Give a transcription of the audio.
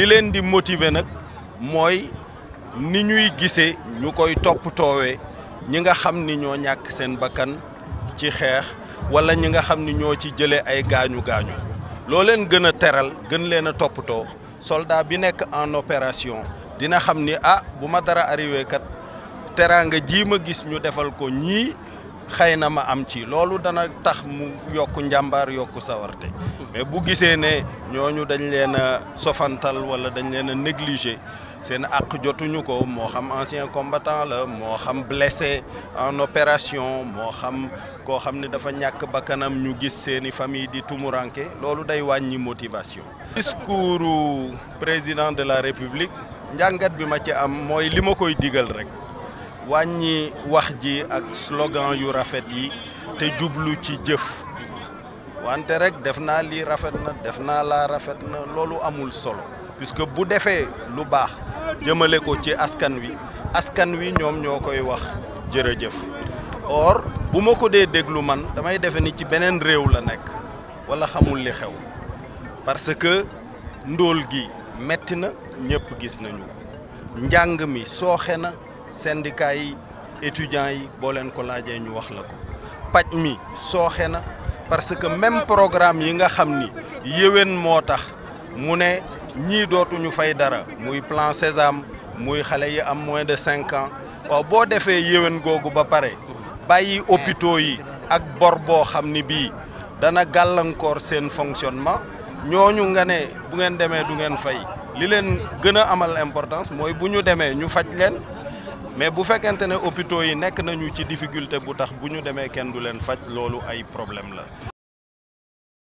li leen di motiver nag mooy ni ñuy gisee ñu koy toppatoowee ñi nga xam ni ñoo ñàkk seen bakkan ci xeex wala ñi nga xam ni ñoo ci jëlee ay gaañu gaañu loo leen gën a teral gën leen a toppatoo soldat bi nekk en opération dina xam ni ah bu ma dara arrivé kat teraanga ji ma gis ñu defal ko ñii. xëy na ma am ci loolu dana tax mu yokk njàmbaar yokk sawarte mais bu gisee ne ñooñu dañ leen a sofantal wala dañ leen a négligé seen àq jotuñu ko moo xam ancien combattant la moo xam blessé en opération moo xam koo xam ne dafa ñàkk bakkanam ñu gis seeni famille di tumuranke loolu day wàññi motivation discours président de la république njàngat bi ma ci am mooy li ma koy digal rek wàññi wax ji ak slogan yu rafet yi te jublu ci jëf wante rek def naa lii rafet na def naa laa rafet na loolu amul solo puisque bu defee lu baax jëmale ko ci askan wi askan wi ñoom ñoo koy wax jërëjëf or bu ma ko dee déglu man damay defe ni ci beneen réew la nekk wala xamul li xew parce que ndóol gi metti na ñëpp gis nañu ko njàng mi sooxe na syndicat yi étudiants yi boo leen ko laajee ñu wax la ko paj mi sooxe na parce que même programme yi nga xam ni yéwén moo tax mu ne ñii dootuñu fay dara muy plan Sésame muy xale yi am moins de cinq ans waaw boo defee yéwén googu ba pare bàyyi opito yi ak bor boo xam ni bii dana gàllankoor seen fonctionnement ñooñu nga ne bu ngeen demee du ngeen fay li leen gën a amal importance mooy bu ñu demee ñu faj leen mais bu fekkente ne hôpitaux yi nekk nañu ci difficulté bu tax bu ñu demee kenn du leen faj loolu ay problème la